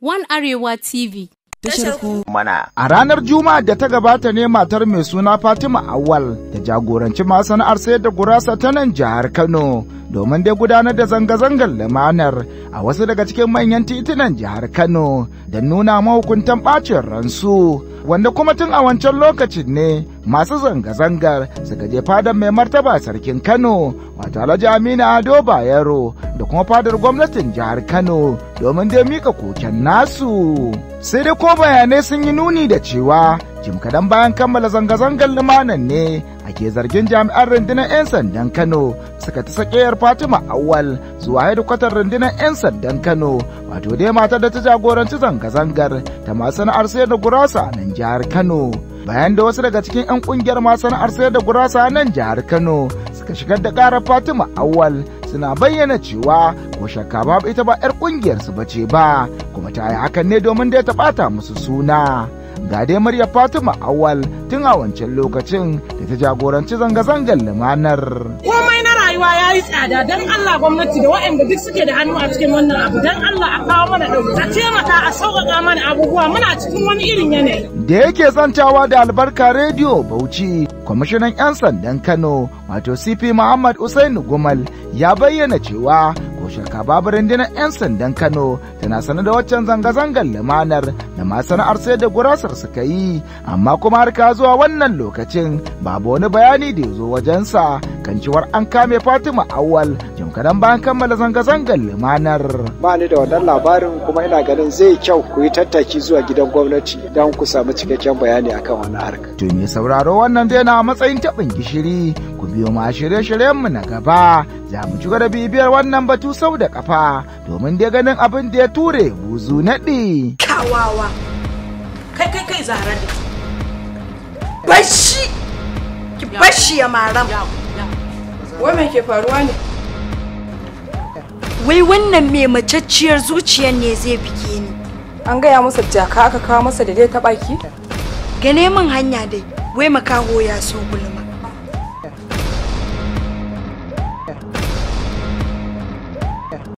One Arewa TV. Mana a ranar Juma'ar da ta gabata ne matar mai suna Fatima Awal da jagoranci masana'ar sayar da gurasa ta nan jihar Kano domin dai gudanar da zanga-zangar lumanar, a wasu daga cikin manyan titunan jihar Kano da nuna mahukuntan ɓacin ransu wanda kuma tun a wancan lokacin ne masu zanga-zangar suka je fadar mai martaba sarkin kano Wato alhaji amina ado bayero da kuma fadar gwamnatin jihar kano domin dai mika koken nasu sai dai ko bayanai sun yi nuni da cewa jim kadan bayan kammala zanga-zangar lumanan ne ake zargin jami'an rundunar 'yan sandan kano suka ta sakeyar fatima awal zuwa hedikwatar rundunar 'yan sandan kano wato dai matar da ta jagoranci zanga-zangar ta masana'ar sayar da gurasa a nan jihar kano bayan da wasu daga cikin 'yan kungiyar masana'ar sayar da gurasa nan jihar Kano suka shigar da ƙarar Fatima Awal suna bayyana cewa ko shakka babu ita ba 'yar kungiyar su bace ba kuma ta yi hakan ne domin da ta bata musu suna. Ga dai murya Fatima Awwal tun a wancan lokacin da ta jagoranci zanga-zangar lumanar. Komai rayuwa ya yi tsada don Allah gwamnati da waɗanda duk suke da hannu a cikin wannan abu don Allah a kawo mana ɗauki ta taimaka a sauƙaƙa mana abubuwa muna cikin wani irin yanayi. Da yake zantawa da albarka rediyo Bauchi kwamishinan 'yan sandan Kano wato CP Muhammad Usainu Gumal ya bayyana cewa shakka babu rundunar 'yan sandan Kano tana sanar da waccan zanga-zangar lumanar da masana'ar sai da gurasar suka yi amma kuma har ka zuwa wannan lokacin babu wani bayani da ya zo wajensa kan ciwar an kame Fatima Awal jim kadan bayan kammala zanga-zangar lumanar. Ba ni da wannan labarin kuma ina ganin zai kyau ku yi tattaki zuwa gidan gwamnati don ku samu cikakken bayani akan wani harka. To me sauraro wannan dai na matsayin taɓin gishiri ku biyo ma shirye-shiryenmu na gaba za mu ci da bibiyar wannan batu sau da kafa domin dai ganin abin da ya ture buzu naɗi. Kawawa, kai kai kai zara da bashi, ki bashi ya maram. Wai me ke faruwa ne? Wai wannan mai macacciyar zuciyar ne zai bige ni. An gaya masa jaka aka kawo masa da dai ta baki? Gane min hanya dai, wai makaho ya so gulma.